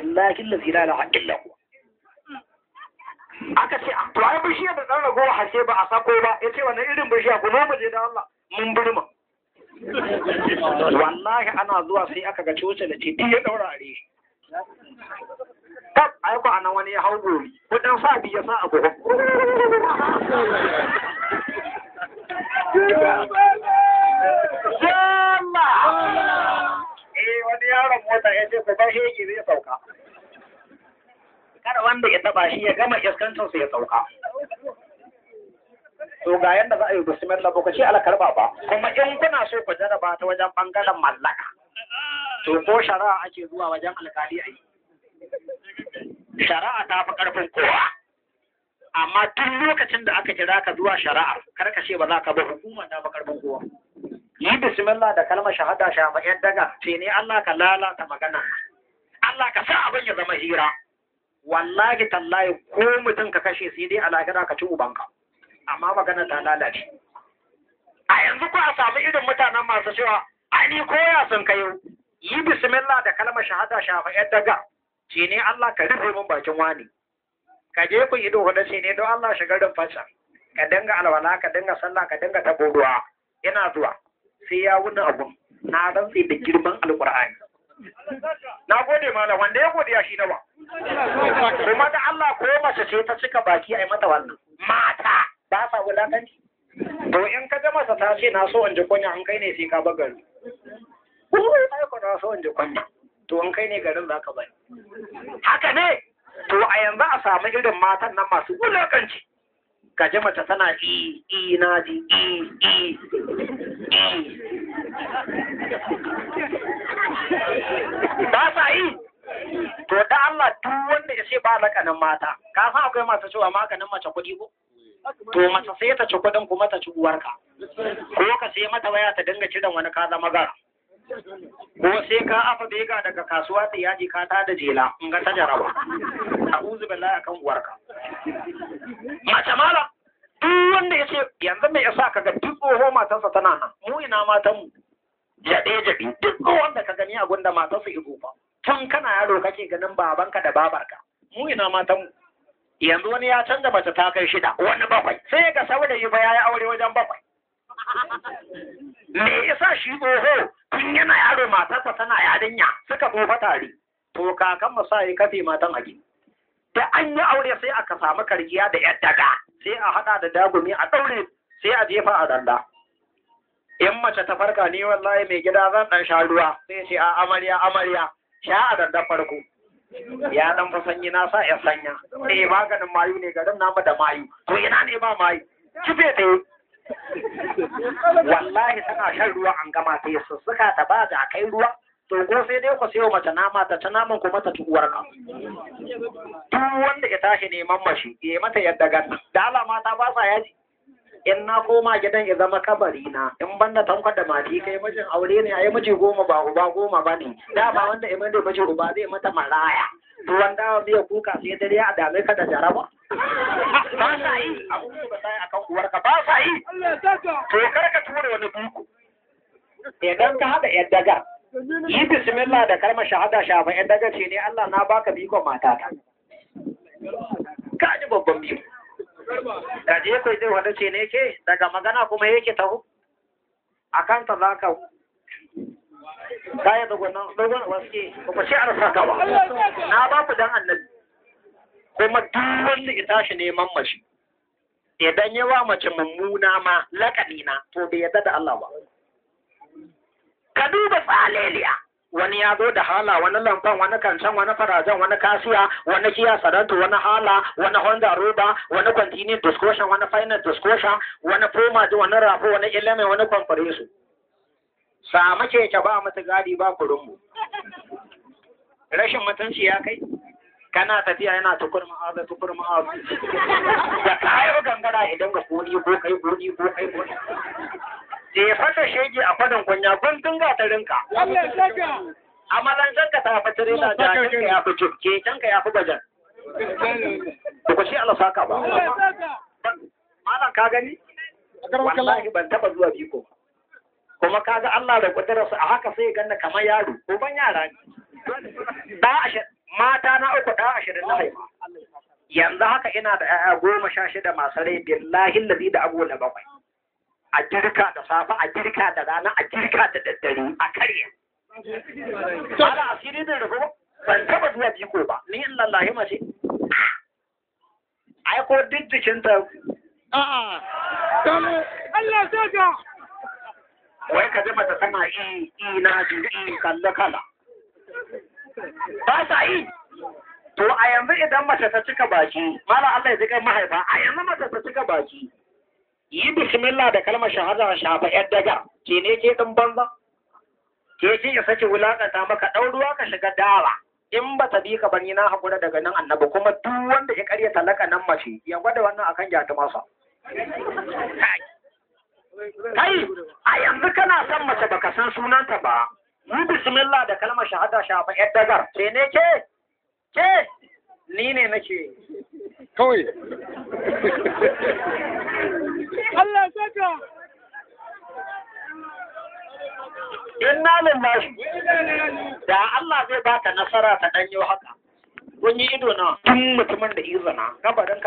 billahi allazi la ilaha illa aka ce to ai bishiya da dan ragowa hashe ba a sako ba yace wannan irin bishiya ku noma je da Allah mun birma wallahi ana zuwa sai aka ga coci da ce ya daura are tab ai ko anan wani ya hau gori ko dan sa biya sa abu motar ya ce ku bar hegi zai sauka kada wanda ya taba shi ya gama iskancin su ya sauka to ga yanda za a yi bismillah ba ku ce alkarba ba kuma in kuna so ku jaraba ta wajen bangaren mallaka to ko shari'a ake zuwa wajen alkali a yi shari'a ta fi karfin kowa amma tun lokacin da aka kira ka zuwa shari'a kar ka ce ba za ka ba hukuma ta fi karfin kowa yi bismillah da kalmar shahada ba yan daga ce ne Allah ka lalata magana Allah ka sa abin ya zama hira wallahi tallahi ko mutum ka kashe sai dai alakira ka ci ubanka amma magana ta lalace a yanzu ko a samu irin mutanen masu cewa ani koya sun kayo yi bismillah da kalmar shahada ba yan daga ce ne Allah ka rufe min bakin wani ka je ku ido hudu ce ne don Allah shigar da fasa ka dinga alwala ka dinga sallah ka dinga tabo ruwa ina zuwa sai ya wuni abun na rantse da girman alkur'ani na gode malam wanda ya godiya shi na ba kuma da Allah ko mace ce ta cika baki ai mata wannan mata ba sa wulakanci to in ka ga masa ta ce na so in ji kunya an kai ne sai ka bagari ai ko na so in ji kunya to in kai ne garin za ka bani haka ne to a yanzu a samu irin matan nan masu wulakanci ka ji mace tana i i na ji i i ba sa yi to da Allah duk wanda ya ce ba lakanin mata ka san akwai masu cewa maganin mace kuɗi ko to mace sai ta ci kuɗin kuma ta ci uwarka ko ka sai mata waya ta dinga cidan wani ka zama gara ko sai ka afa bega daga kasuwa ta yaji ka ta da jela in ga ta jaraba a'udhu billahi akan uwarka mace mala duk wanda ya ce yanzu matanmu jaɗe-jaɗe duk wanda ka gani a gunda su ido ba can kana yaro kake ganin babanka da babarka mu ina matanmu yanzu wani ya canza mace ta kai shida wani bakwai sai ga saurayi ba ya aure wajen bakwai me yasa shi tsoho tun yana yaro matarsa tana yarinya suka tsofa tare to kakan mu sa yi kafe matan a gini da an yi aure sai aka samu karkiya da yadda sai a haɗa da dagumi a ɗaure sai a jefa a randa in mace ta farka ni wallahi mai gida zan dan sha ruwa sai ce a amarya amarya sha a dan farko ya dan fa sanyi na sa ya sanya eh maganin mayu ne garin namu da mayu to ina ne ba mayu kife dai wallahi tana shan ruwa an gama sai su suka ta ba da kai ruwa to ko sai dai ku sayo mace nama ta ta naman kuma ta tuwar ka duk wanda ya tashi neman mashi ya mata yadda ganna Dala mata ba sa yaji in na koma gidan ya zama kabari na in ban da tankwa da mati kai mijin aure ne yi miji goma ba uba goma ba ne da ba wanda imin da miji uba zai mata maraya ruwan dawa biya kuka sai dare a dame ka da jaraba ba sa yi abubuwa ba sa akan ba sa yi to kar ka tura wani duku. idan ka haɗa yan daga, yi bismillah da kalmar shahada shafa yan daga ce ne Allah na baka biko matata ka ji babban biyu. da je kai zai wada ce ne ke daga magana kuma yake taho akan ta za ka kaya da gwanon dogon waske kuma shi arsa ka ba na ba ku dan annabi kuma duk wanda ya tashi neman mace idan ya wa mace mummuna ma laƙani na to bai yarda da Allah ba ka duba tsaleliya wani ya zo da hala wani lamfan wani kancan wani farajan wani kasiya wani kiya saranto wani hala wani honda roba wani continuing discussion wani final discussion wani promaji wani rafo wani ilimi wani conference ke ke ba mata gadi ba kurinmu rashin mutunci ya kai kana tafiya yana tukur ma'aza tukur ma'aza da kayo gangara idan ga kuri ko kai kuri ko kai kuri da ya fata shege a fadan kunya guntun gatarinka. Allah saka. A ta fi tirela da ya fi jibke, kanka ya fi bajan. ba, ku shi Allah saka ba. Malam ka gani? Wallahi ban taba zuwa biko. Kuma ka ga Allah da kudurarsa a haka sai ganna kamar yaro, ko ban yara ne. Mata na uku ba, ashirin na haifa. Yanzu haka ina da ‘ya'ya goma sha shida masu rai billahi ba, da abubuwan da bakwai. a girka da safe a girka da rana a girka da daddare a karya ala asiri zai rufu ban taba zuwa biko ba ni in lallahi mace ai ko duk jikinta a'a Allah soja wai ka ji mata tana i i na ji i kala ba sa yi to a yanzu idan mace ta cika baki mala Allah ya zika kai mahaifa a yanzu mace ta cika baki yi bismillah da kalmar shahada shafa yar daga ke ne ke din banza ke ce ya saki wulakanta maka ɗau ruwa ka shiga dawa in ba ta bi ka bani na hakura daga nan annabi kuma duk wanda ya karya talaka nan mace ya gwada wannan akan jati masa kai a yanzu kana san mace baka san sunanta ba yi bismillah da kalmar shahada shafa yar dagar ke ne ke ke ni ne nake kawai Allah saka. Da Allah zai baka nasara ta ɗanyo haka. Kun ido na tun mutumin da izina. Gabarin